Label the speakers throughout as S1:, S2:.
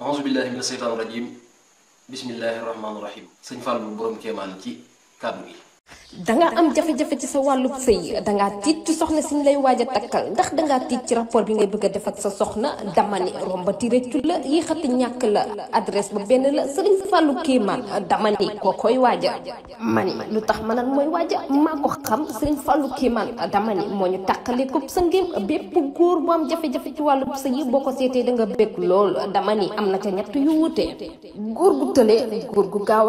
S1: auzu billahi mina seytaani rajim bismillahi rahmaani rahim sëñ Fallou borom kéemaan ci kàddu
S2: gi danga am jafé jafé ci sa wàllub sëy dangaa tit ci soxna siñ lay waja takal takkal ndax dangaa tit ci rapport bi ngay bëgg def ak sa soxna damani rombati rëccu la xati ñak la adresse ba ben la sëriñ damani ko koy waja mani lu tax moy waja mooy waaja ko xam sëriñ fallu kima damani moo ñu ko sa ngeem goor bu am jafé jafé ci walu sey boko sété seetee danga lool damani am na ca ñett yu wuté goor gu tële goor gu gaaw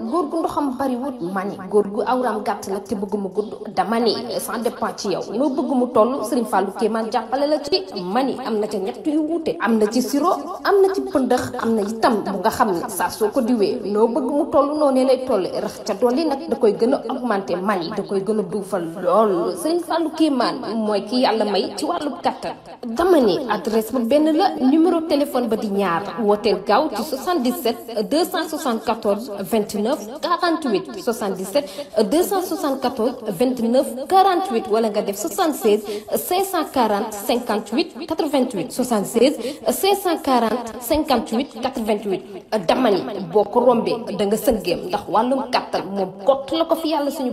S2: gu ndoxam wut mani goor gu awra Ya? am gatt la te bëgg mu gudd dama ni sans dépend ci yow no bëgg mu toll Serigne Fallou Kéemaan jappalé la ci mani amna ci ñett yu wuté amna ci siro amna ci pëndëx amna itam bu nga xamni sa soko soo ko diwee bëgg mu toll lay toll rax ca doli nak da koy gëna augmenter mani da koy gëna duufal lool Serigne Fallou Kéemaan moy ki yalla may ci walu katta dama ni adresse ba ben la numéro téléphone ba di ñaar woté gaw ci 77 274 29 48 77 274 29 48 wala nga def 76 540 58 88 76 540 58 88 dama ni boo ko rombee da nga sëngeem ndax wàllum kàttan moom kott la ko fi yàlla suñu.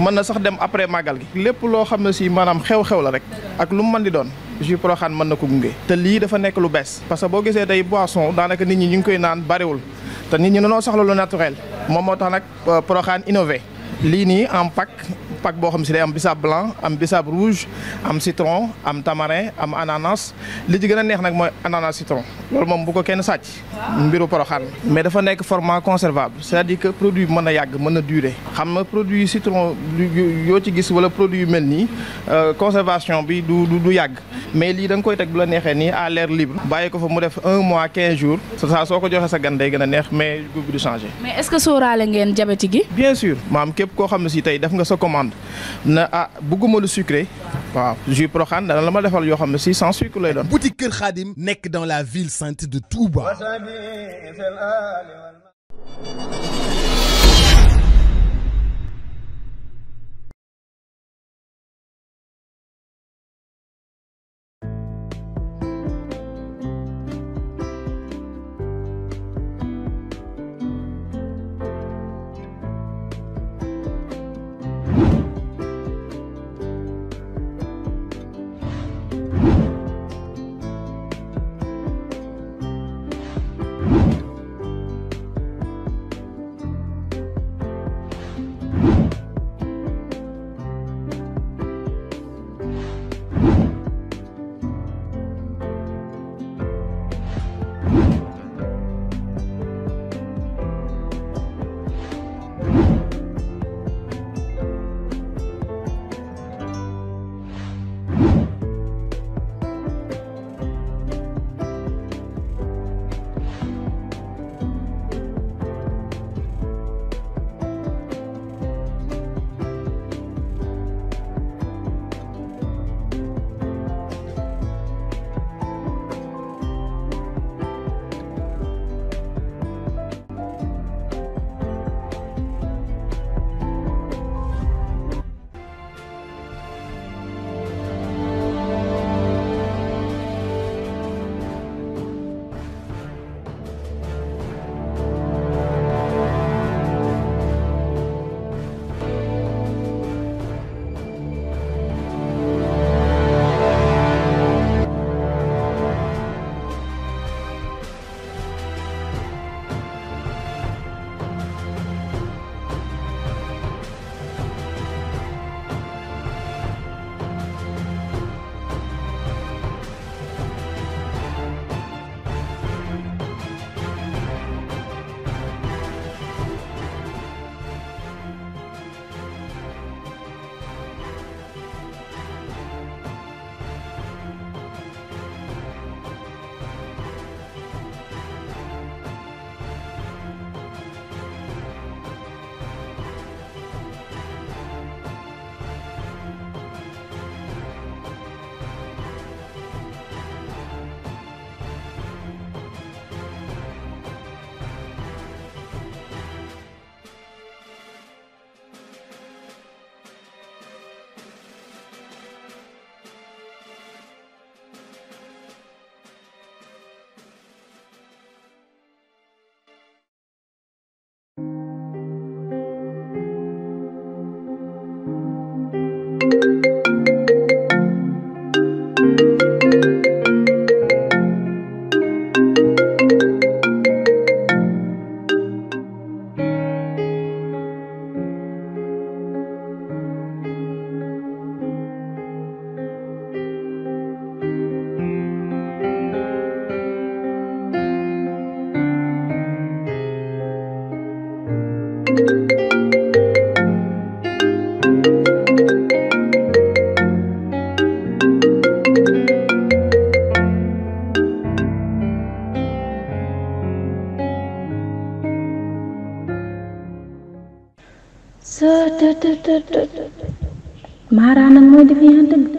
S3: man na sax dem après magal gi lepp lo xam si manam xew-xew la rek ak lu mu mën di don jus Porokhane man nako gungé té li dafa nekk lu bess parce que bo gisee day boisson danaka nit ñi ñu koy naan bariwul té nit ñi dañoo soxla lu naturel mom moo tax nag euh, Porokhane innové Lini en pack pack bo xam si day am bisaab blanc am bisaab rouge am citron am tamarin am ananas li di gëna neex nak mooy ananas citron loolu mom bu ko kenn sacc mbiru poroxaan mais dafa nekk format conservable c'est-à-dire que produit bi yag, a durer xam nga produit citron yo ci gis wala produit melni. Euh, conservation bi du du yag. mais li dang koy tek bu la neexee ni à l'air libre bàyyi ko fa mu def un mois quinze jours Ça ça soko joxe sa gan day gëna neex mais goût bi du changer. mais est-ce
S4: que sóoraale ngeen
S3: diabète gi bien sûr maam képp ko xam ne si tey def nga sa commande na ah bëgguma lu sucré waaw jus Proxane dana la ma defal yo xam si sans sucre lay don boutique Kër Khadim nek dans la
S5: ville sainte de Touba.
S4: neexee dëgg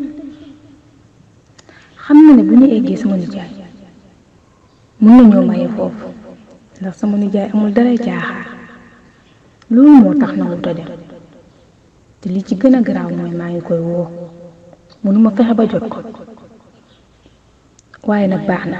S4: xam na ni bu ñu eggee sama nijaay mun nañoo maye foofu ndax sama nijaay amul dara jaaxaar loolu moo tax na wut a te li ci gën a garaaw mooy maa ngi koy woo
S2: mënuma fexe ba jot
S4: ko waaye nag baax na.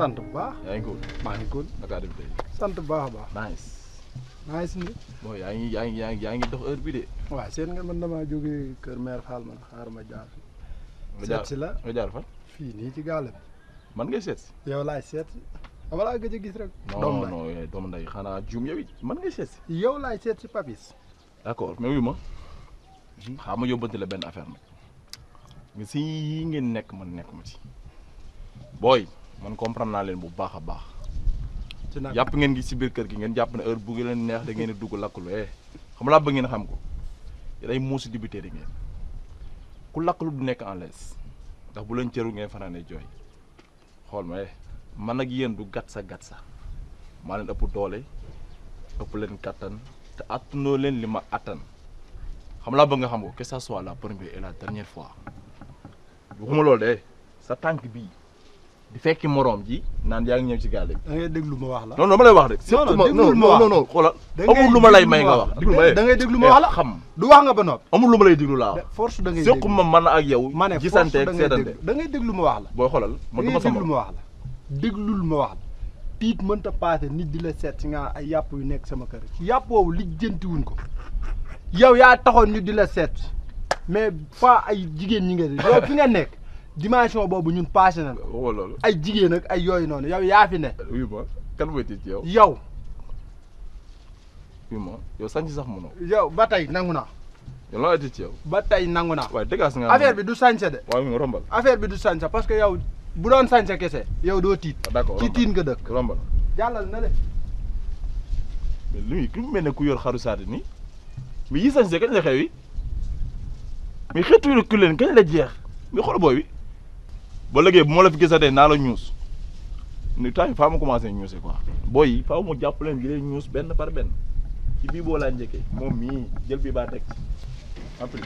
S1: sant bu baax. yaa ngi ko maa ngi ko naka dem tey. sant bu baax a baax. nice. nice ni. bon yaa ngi yaa ngi yaa ngi yaa ngi dox heure bi de. waaw seen nga man damaa jógee Kër Mère Fall man ma jaar fi. jaar si la ma jaar fan. fii nii ci gaale bi. man ngay seet si. yow laay seet si. Ah, gis rek. doomu nday non non doomu nday xanaa juum yow it seet si. yow laay seet si Papis. d'accord mais wuyu ma. Hmm? xaaral ma la benn affaire nag. mais si ngeen nekk man nekk ma ci. booy. man comprendre na len bu baax ci nak jàpp ngeen gi ci bir keur gi ngeen japp ne heure bu ngi neex da ngeen dugg lakklu eh xam la ba ngeen xam ko day ay muusi dibité di ngeen ku lakklu du nekk en laisse ndax bu len cëru ngeen fanane joy xol ma eh man ak yeen du gat sa gat sa ma len ëpp doole ëpp len katan te attanoo leen li ma xam la ba nga xam ko que ça soit la première et la dernière fois waxuma lol de sa tank bi di fekki moroom ji naan yaa ngi ñëw ci gaal bi. da ngay déglu ma wax la. non non ma lay wax rek. non non non non xoolal. amul lu ma lay may nga wax déglu ma da ngay déglu ma wax la eh, xam. du wax nga ba noppi. amul lu ma lay déglu laa wax. force da ngay déglu ma man ak yow. ma ne force da ngay déglu gisante ak seetante da ngay déglu ma wax la. booy xoolal man du ma sama ma wax la. déglul ma wax la tiit mënta paase nit di la seet si nga ay yàpp yu nekk sama kër yi. yàpp woowu lijjantiwuñ ko yow yaa taxoon ñu di la seet mais pas ay jigéen ñi nga yow fi nga nekk dimension bobu ñun passé na waxoo oh, loolu ay jigéen ak ay yoy non yow ya fi ne oui ma kan mooy ci yow yow oui mo yow sañ sax mëno yow ba tey nangu naa yow laa tiit yow ba tey nangu naa waaye nga affaire bi du sañse dé way mo rombal affaire bi du sañse parce que yow bu doon sañse kessé yow do tit ah, ci tin nga dëkk rombal jallal na lé mais lu muy ki mu mel ne ku yor xaru saati nii mais yi sañse kañ la xew yi mais xeetu yu la leen la jeex mi xool booy wi ba léegi bu ma la fi gisatee naa la ñuus ni temps faa ma commencé ñuuse quoi booy yi faaw jàpp leen di leen ñuus benn par benn ci bii boo laa njëkkee moom mii jël bi baa teg après.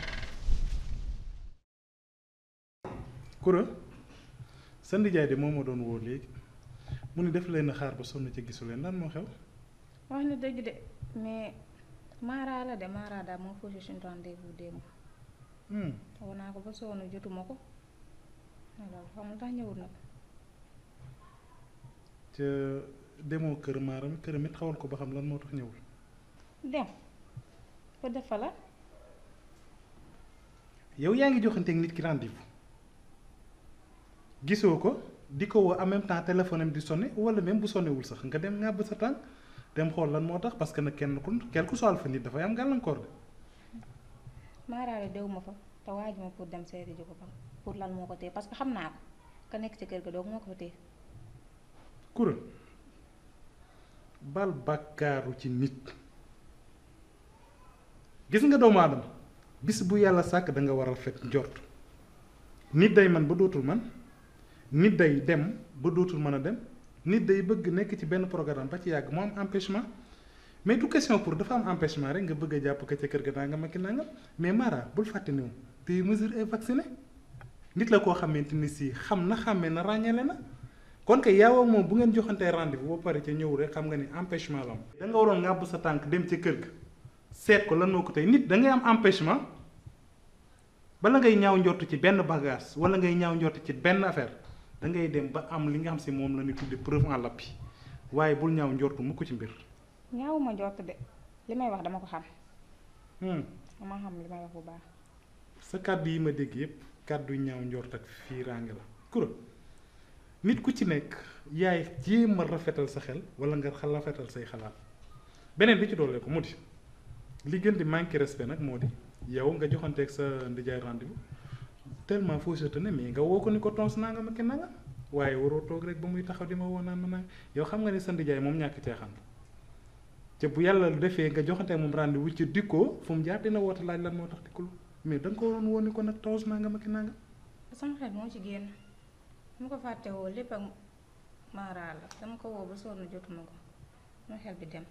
S1: Koura
S6: sa nijaay de moom moo doon woo léegi mu ni def leen xaar ba sonn ci gisu leen lan moo xew.
S4: wax na dëgg de mais Mara la de Mara daal moo fauché suñu rendez-vous démb. Hmm. woo naa ko ba sonn jotuma ko. alors xaw ma tax ñëwul nag.
S6: ca demoo kër maaram këram it xawal ko ba xam lan moo tax ñëwul.
S4: dem ko def fa la.
S6: yow yaa ngi joxanteeg nit ki rendez gisoo ko di ko woo en même temps di sonné wala même bu sonewul sax nga dem ngàbb sa tànk dem xool lan moo tax parce que nag kenn ku quelque soit fa nit dafay am gàllankoor de.
S4: maaraale dew fa te waaj pour dem seeti ji ko ba. pour lan moko té parce que xamna ko ka nek ci kër ga dog moko té
S6: kour bal ci nit gis nga doomu adam bis bu yalla sak da nga war fek nit day man ba dotul man nit day dem ba dotul dem nit day bëgg nek ci ben programme ba ci yag mo am empêchement mais du question pour dafa am empêchement rek nga bëgg japp jàpp ci kër ga nga makina nga mais mara bul fatini ne mesure est vacciné nit la koo xamante ni si xam na xàmme na ràññale na kon que yaw ak moom bu ngeen joxantee rendez-vous ba pare ca ñëw rek xam nga ni empêchement la da nga waroon ngàbb sa tànk dem ca kër ga seet ko lan moo ko tey nit da ngay am empêchement bala ngay ñaaw njort ci benn bagage wala ngay ñaaw njort ci benn affaire da ngay dem ba am li nga xam si moom la ñuy tuddi preuve en l'appui waaye bul ñaaw njort mukk ci mbir.
S4: ñaawuma njort de li may wax dama ko xam. Hmm. dama xam li wax bu baax.
S6: sa kàddu yi ma dégg yépp ñaw ndior tak fi rang la kuro nit ku ci nek yaay jima rafetal sa xel wala nga rafetal say xalaat benen bi ci dole ko mudi di li gën di manqué respect nak modi di yow nga ak sa ndijay rendez-vous tellement foo sa tane mais nga wo ko ni ko tons naa nga ma ken nga waye waro tok rek ba muy taxaw dima wona na ma yow xam nga ni sa mom ñak ci xam te bu yàlla defé nga joxanteeg mom rendez-vous ci diko fu mu jaar dina wota laaj lan moo tax mais da ko waroon woon ni ko nag toos nangam ak nangam.
S4: sama xel moo ci génn mu ko fàtte woo lépp ak Mara la dama ko woo ba sonn jotuma ko sama xel bi dem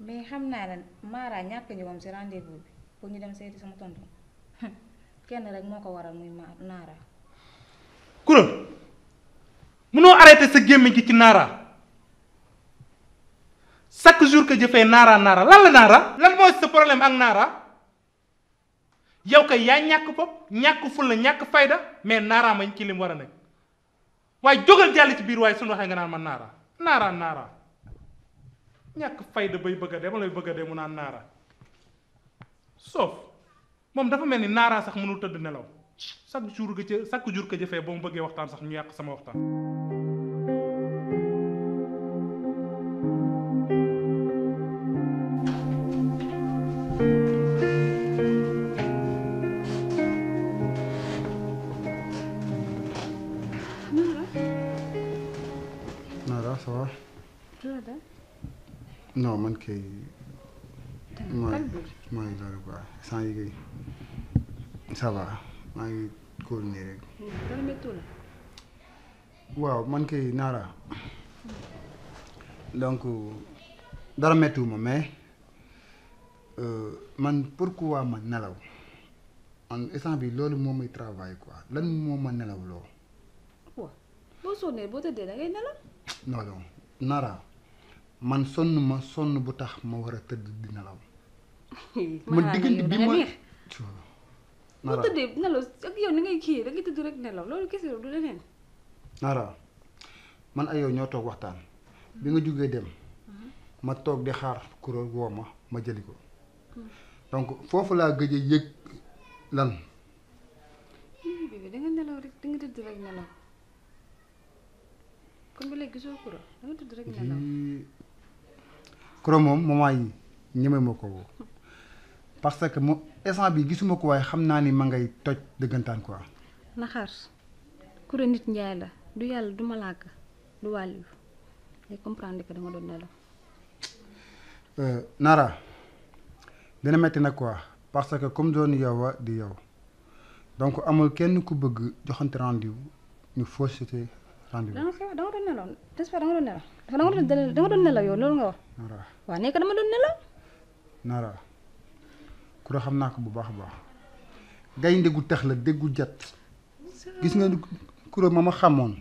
S4: mais xam naa ne Mara ñàkk ñëwam si rendez bi pour ñu dem seeti sama tonton kenn rek moo ko waral muy Mara.
S6: Coura noo arrêté sa gémmiñ gi ci naaraa chaque jour que jëfee naaraa Nara lan la Nara. lan mooy sa problème ak Nara. yow kay yaa ñàkk bopp ñàkk fulla ñàkk fayda mais naaraa mañ ci lim war a nekk waaye jógal jàll ci biir waaye suñu waxee nga naan ma naaraa naaraa naaraa ñàkk fayda bay bëgg a dee ma lay bëgg a dee mu naan naaraa sauf moom dafa mel ni naaraa sax mënul tëdd nelaw chaque jour ga ca chaque jour ka jëfee ba mu bëggee waxtaan sax ñu yàq sama waxtaan
S5: ça maa ngi continuer waaw man kay Nara donc dara méttuwuma mais euh, man pour pourquoi ma nelaw man bi loolu moom may travail quoi lan moo ma nelaw loo.
S7: waaw boo sonnee boo tëddee da nelaw.
S5: non man sonn ma bu tax ma war a tëdd di nelaw.
S7: ma diggante bi ma. nara tuh deh nalo aku yang nengai kiri lagi tuh direct nelo lo lu kesi lo dulu nih
S5: nara man ayo nyoto waktan bingung juga dem matok deh har kuro gua mah majeliko dong fofu lah gede yek lan
S7: dengan nelo dengan tuh direct nelo kon boleh gue suruh kuro dengan tuh direct nelo
S5: kuro mom mamai nyemai mau kau Parce que moi, instant bi gisuma ko waaye xam naa ni ma ngay toj dëggantaan quoi.
S7: naxar kure nit njaay la du yàlla du malaaka du wàllu day comprendre que danga doon nelaw.
S5: Euh, Nara dina metti nag quoi parce que comme doon yow a di yow donc amul kenn ku bëgg joxante rendez ñu fausseté rendez-vous.
S7: doon nelaw j'espère dama doon nelaw dama doon nelaw yow loolu nga wax. nekk dama doon nelaw.
S5: Nara. ku xam naa ko bu baax a baax gaynde gu tax la déggu jat gis nga kuro ma ma xamoon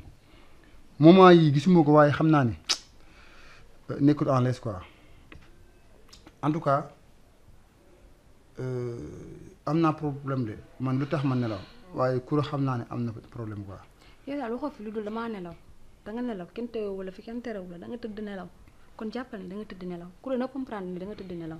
S5: moment yii gisuma ko waaye xam naa ni euh, nekkul en l'aise quoi en tout cas euh, am naa problème de man lu tax ma nelaw waaye kuro xam naa ne am na problème quoi.
S7: yow daal waxoo fi lu dul damaa nelaw danga nelaw kenn teewu la fi kenn terewu la danga tëdd nelaw kon jàppal ni danga tëdd nelaw kuro na comprendre ni danga tëdd nelaw.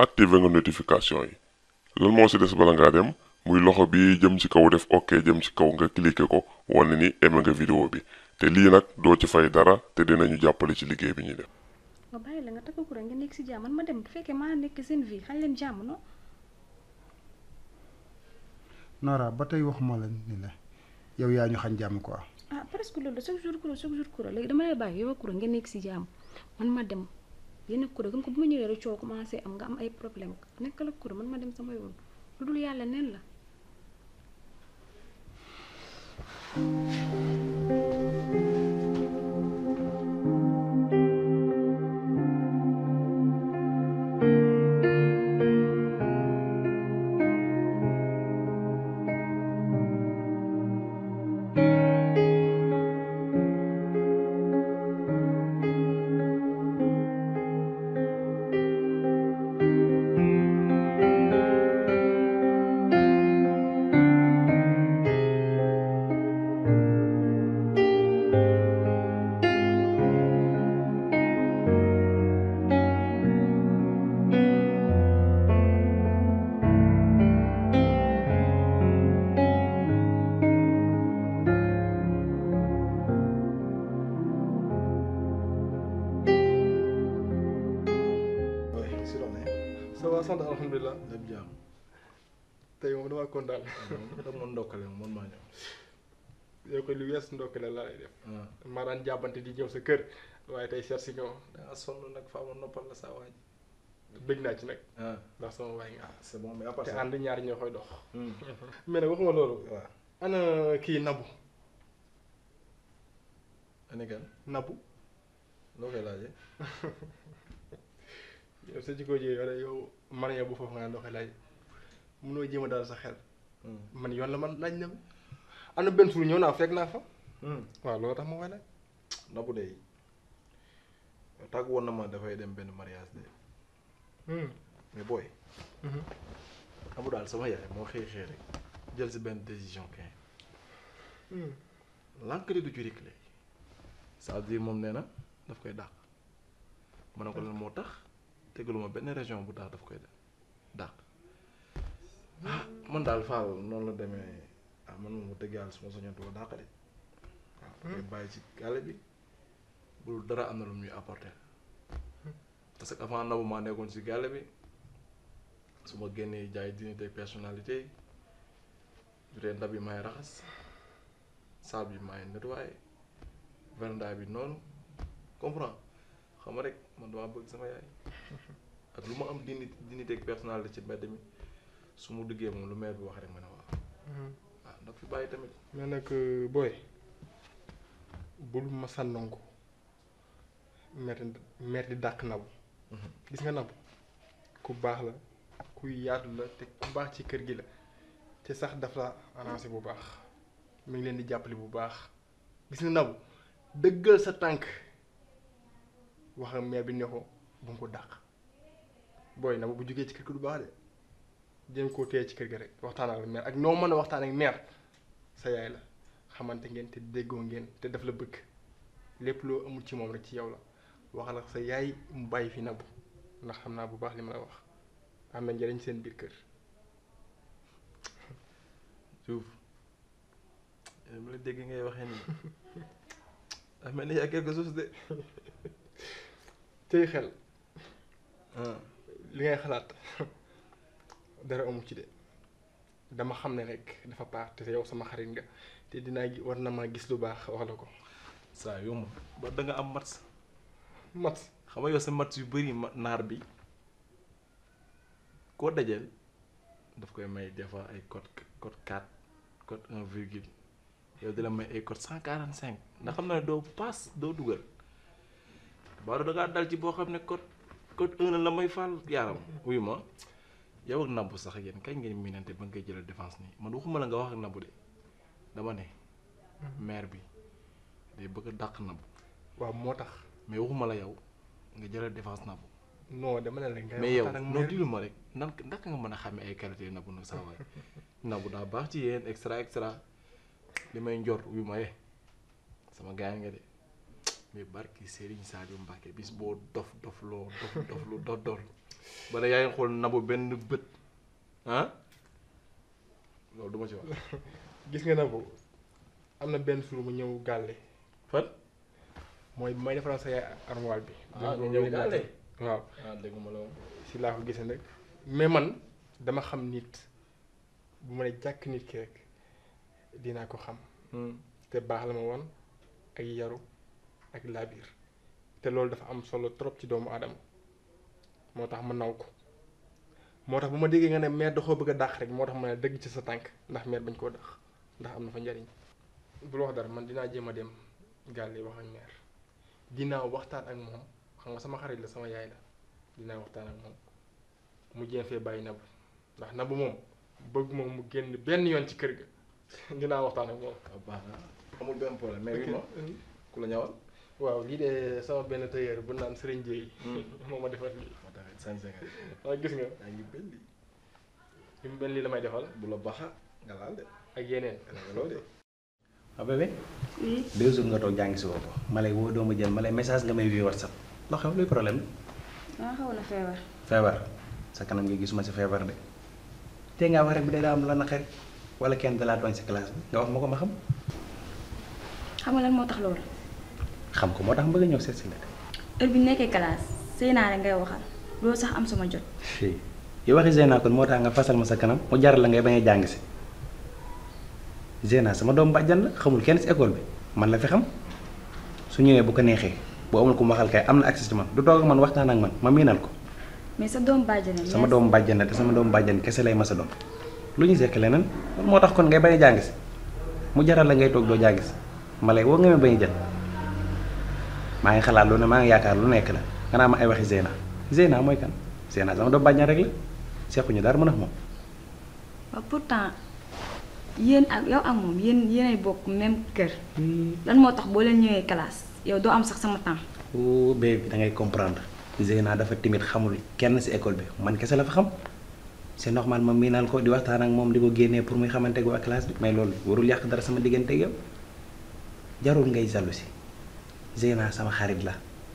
S1: activé nga notification yi loolu moo si des bala ngaa dem muy loxo bi jëm ci kaw def ok jëm ci kaw nga cliqué ko wane ni aimé nga vidéo bi te lii nag doo ci fay dara te dinañu jàppale ci liggéey bi ñu dem
S7: nga bàyyi la nga takk kuréel nga nekk si jàmm man ma dem bu fekkee maa nekk seen vie xañ
S5: ba tey waxuma la ni la yow yaa ñu xam jàmm ko
S7: ah presque loolu chaque jour kuréel chaque jour kuréel léegi dama bàyyi yow kuréel nga nekk si jàmm man ma dem. yenn kuréel comme que bu ma ñëwee rek coow commencé am nga am ay problème nekkal la kuréel man ma dem sama yoon lu dul yàlla neen la
S1: kon daal. Mm-hmm. da nga maa ñëw. yow ko lu wees ndokkale laa lay def. Ah. maa daan di ñëw sa kër waaye tey seet si nga ma. sonn nag faa ma noppal la saa waaj. bëgg naa ci nag. Ah. ndax sama waay nga. c'est bon mais à part ça te ànd ñaari ñoo koy dox. Hmm. mais nag waxuma loolu. waaw ana kii Nabou. ana gan Nabou. loo koy laajee. yow sa jikko ji yow man yow bu foofu nga ndox laaj. mënoo jéem a daal sa xel. Hmm. man yoon la man laaj na am na benn suur ñoo naa fekk naa fa. Hmm. waaw loolu tax ma koy laaj. Nabou de tàgg woon na ma dafay dem benn mariage de. Hmm. booy. Nabou daal sama yaay moo xëy xëy rek jël si benn décision kenn. l'encre du juric la ça veut moom nee na daf koy dàq. ma ne ko lan moo tax tegaluma benn région bu tax daf koy dàq. ah daal Fall noonu la demee ah man moom dëgg yàlla su ma ko dàq de waaw ah, ngay hmm. bàyyi ci gàlle bi bul dara am na lu ñuy apporter parce que avant nabu maa nekkoon ci gàlle bi su ma génnee jaay dignité personnalité yi ndab yi may raxas saab yi may nettoyer véranda bi noonu comprend xam nga rek man damaa bëgg sama yaay ak lu ma am dignité dignité personnalité ci mbedd mi su mu duggee moom lu maire bi wax rek ma ne waaw. waaw mhm. ah, ndax tamit. mais nag euh, booy bul ma sànnonko dàq nabu. Mhm. gis nga nabu ku baax la ku yaatu la te baax ci kër gi la te sax daf la arrangé bu baax mi ngi leen di jàppale bu baax gis nga nabu sa tànk wax maire bi ne ko bu mu ko dàq booy nabu bu jógee ci kër gi du baax de. jéem ko tey ci kër gi rek waxtaan ak mère ak noo mën a waxtaan ak mère sa yaay la xamante ngeen te déggoo ngeen te daf la bëgg lépp loo amul ci moom rek ci yow la waxal ak sa yaay mu bàyyi fi nabu ndax xam naa bu baax li ma la wax am na njëriñ seen biir kër suuf mu la dégg ngay waxee nii dafa mel ni yaa quelque chose de tey xel li ngay xalaat dara amu ci de dama xam rek dafa baax te yow sama xarit nga te dinaa war na ma gis lu baax wax la ko saa yomb ba da nga am mat mat xam nga yow sa mat yu bëri nar bi ko dajal daf koy may des fois ay code code 4 code 1 virgule yow dila may ay code 145 ndax xamna do pass do dugal baro da nga dal ci bo xam code code 1 la may fal yaram wuyu yow ya, ak nabu sax yéen kay ngeen minante ba nga koy jëlal défense ni man waxuma la nga wax ak nabu de dama ne maire bi day bëgg dàq nabu waaw moo tax mais waxuma la yow nga jëlal défense nabu non dama ne la ngay mais yow non dilu ma rek nan nga mën a xamee ay qualité nabu nag sa waay nabu daa baax ci yéen extra extra li may njor maye sama gaañ nga de mais barki Serigne sadio Mbacké bis boo dof dof loo dof dof lu dof dof bala yaay xool nabu benn bët ah loolu du ma ci wax gis nga nabu am na benn suur mu ñëw gàlle fan mooy may defaral sa yaay armoire bi ñëw gàlle waaw dégguma la si laa ko gisee nag mais man dama xam nit bu ma ne jàkk nit ki rek dinaa ko xam hmm. te baax la ma woon ak yaru ak laabir te loolu dafa am solo trop ci doomu aadama mota tax ma naw ko moo tax bu ma déggee nga ne maire doxoo bëgg tank, dah rek moo ma ne ci sa tànk ndax bañ ndax man dina jema dem gàlle wax ak maire dinaa waxtaan ak sama xarit la sama yaay la dina waxtaan ak moom mu jéem fe bàyyi nabu ndax nabu mom bëgg mom mu génn ben yoon ci kër ga dina waxtaan ak mom ah, baax amul ben problème mais mo kula ñawal. waaw sama benn tailleur bu naan Serigne Mau hmm. moo sa nga waaw gis nga yaa ngi la may defal bu la baxa nga laal de ak
S8: ah, nga toog jàngi si woo ko ma lay message nga may wii whatsapp loo xew luy problème ah, sa kanam nga gisuma si feebar de te ngaa wax rek bu dee daa am la na xarit wala kenn dalaa tooñ si classe bi nga wax ma ko ma xam
S4: xam moo tax loolu
S8: xam ko moo tax ma bëgg ñëw seet si la
S4: heure nekkee classe sëy naa rek ngay waxal loolu sax am sama jot.
S8: yow waxi Zeyna kon moo tax nga fasal ma sa kanam mu jaral la ngay bañ jàng si Zeyna sama doom bàjjan la xamul kenn si école bi man la fi xam su ñëwee bu ko neexee bu amul ku mu waxal kay am na accès ci man du toog man waxtaan ak man ma miinal ko.
S4: mais sa doom bàjjan la sama doomu
S8: bàjjan la te sama doom bàjjan kese lay ma sa doom lu ñu sekk leneen moo tax kon ngay bañ jàng si mu jaral la ngay toog doo jàng si ma lay woo nga ma bañ maa ngi xalaat lu ne maa ngi yaakaar lu nekk la nga naa ay waxi Zeyna. Zeyna moy kan Zeyna sama do baña rek la ñu dar mëna mom
S4: moom pourtant yeen ak yow ak mom yeen yéenay bok même cœur hmm. lan mo tax bo leen ñëwé classe yow do am sax sama temps
S8: oh bébé da ngay comprendre Zeyna dafa timit xamul kenn ci école bi man kessa la fa xam c'est normal ma miinal ko di waxtaan ak mom di ko génné pour muy ko ak classe bi mais lool warul yak dara sama diggante yow jarul ngay jalousie Zeyna sama xarit la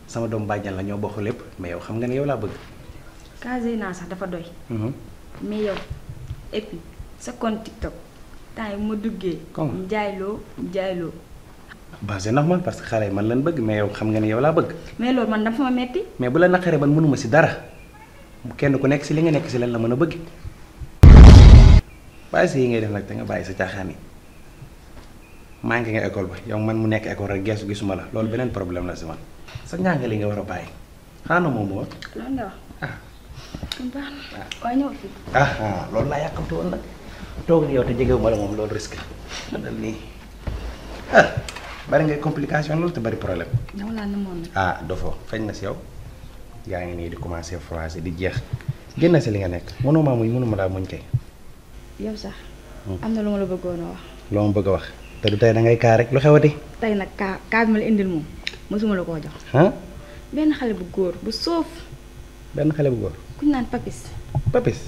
S8: sama dom bañal la ñoo bokku lepp mais yow xam nga ni yow la bëgg.
S4: kaze na sax dafa doy. Mhm. mais yow et puis sa compte TikTok tay ma duggee. comme jaayloo jaayloo.
S8: bah c'est normal parce que xalé man lañ bëgg mais yow xam nga ni yow la bëgg.
S4: mais lool man dafa ma metti.
S8: mais bu la naqaree man mënuma ci dara kenn ku nekk ci li nga nekk ci lan la mëna bëgg bàyyi ngay def nak da nga bayyi sa taxani nga école ba yow man mu nekk école rek gessu gisuma la lool benen problème la ci man. Senggang njàngale nga wara bay, bàyyi mau moom woon.
S4: lan la wax. Ah, lo waaye ñëw fi.
S8: loolu laa udah jaga yow te jege nih. ah bari ngay complication te bari problème. ah dofo feeñ na si yow di commencé froissé di jeex génn si li nga nekk mau maa muñ mënuma laa muñ kay. yow sax. am
S4: lu ma la bëggoon wax.
S8: loo ma bëgg wax te du da ngay rek mësuma la jox. ah.
S4: ben xalé bu góor bu soof. ben xalé bu kuñ papis. papis.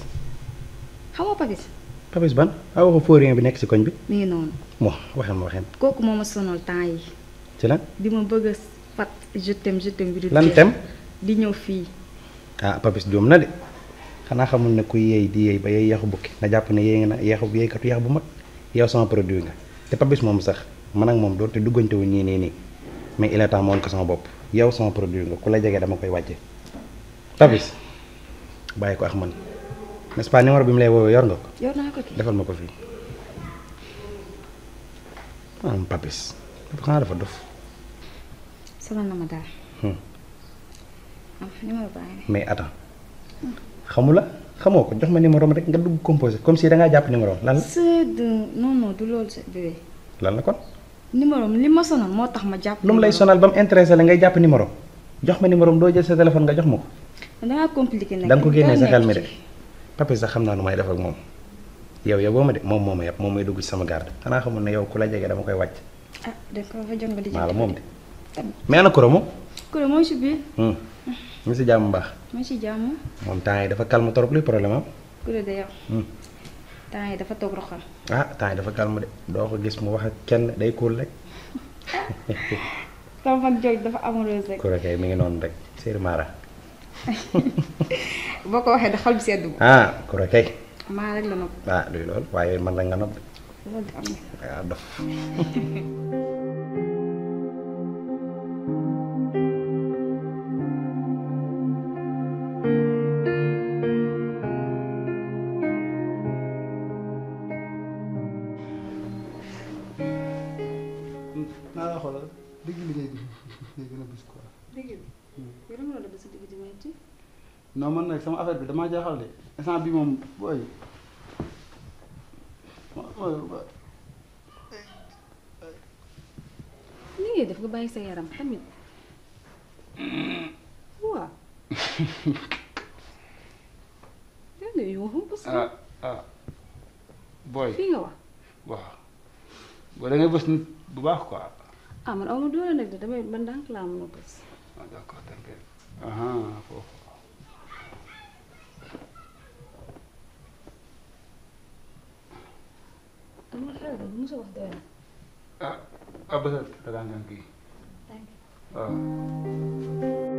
S4: hawo papis.
S8: papis ban hawo ko forien bi nek ci koñ bi. mi ngi non mo waxe mo waxe
S4: koku moma sonol tan yi. ci lan. di bëgg fat je tem je bi lan tem di ñew fi
S8: ah papis dom na de xana xamul ne ku yey di yey ba yeey yaxu bukki na japp ne yeey nga bu yey yeeykatu yax bu mat yow sama produit nga te papis mom sax man ak mom do te duggante wu ni ni mais il est temps ma woon ko sama bopp yow sama produit nga kula jégué dama koy wàcce tabis bàyyi ko ak man n'est-ce pas numéro bi mlay lay yor nga ko. yor na ko ki defal mako fi am ah, papis dafa xana dafa dof.
S4: sama na ma daal. Hmm. Ah, numéro baa ngi
S8: mais attends xamula xamoo jox ma numéro rek nga dug composer comme si da nga japp numéro lan c'est
S4: non non du lol c'est bébé. lan la kon. numéro li ma sonal moo tax ma jàpp. lu mu lay
S8: sonal ba mu intéressé la ngay jàpp numéro jox ma numéro doo jël sa téléphone nga jox ma ko.
S4: da ngaa compliqué ko génnee sa xel mi de.
S8: papi sax xam naa nu may def ak moom yow yow boo ma de moom moo ma yab moom may dugg ci sama garde xanaa xamul ne yow ku la jege dama koy wàcc.
S4: ah da nga ko fa jot nga di. maanaam moom de. Ah. mais ana kuréel kuréel mooy si biir.
S8: mu hmm. ah. si jàmm bu si jàmm. moom temps yi dafa calme trop luy problème am. kuréel de yow. Hmm.
S4: temps yi dafa toog roxam.
S8: ah temps yi dafa calme de doo ko gis mu wax ak kenn day kuul rek.
S4: sama fan jooj dafa amoureuse rek.
S8: kuréel kay mi ngi noonu rek Sëriñ Mara.
S4: boo ko waxee da xol bi sedd bu.
S8: ah kuréel kay. maa rek la nopp. ah luy loolu waaye man la nga nopp. loolu am waaw ah, dof.
S5: non man nag sama affaire bi damaa jaaxal de instant bi moom booy.
S7: ni ngay def nga bàyyi sa yaram tamit. waaw. yow de yow xam bës. ah
S5: ah booy. fii nga wax. waaw. boo da ngay nit bu baax quoi.
S7: ah man aw ma doole nag de damay man dànk laa mën a bës.
S5: D'accord, t'inquiète. Ah, faut... Ah, I'll be there. Thank you. Thank you. Uh.